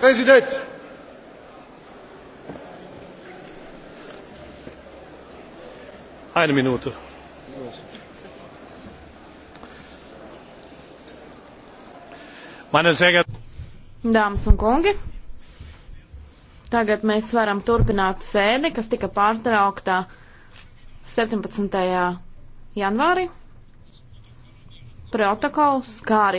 President. Eine Minute. Meine sehr geehrten Dāmas un kungi, tagad mēs varam turpināt sēdi, kas tika pārtrauktā 17. janvārī. Protokols, kā arī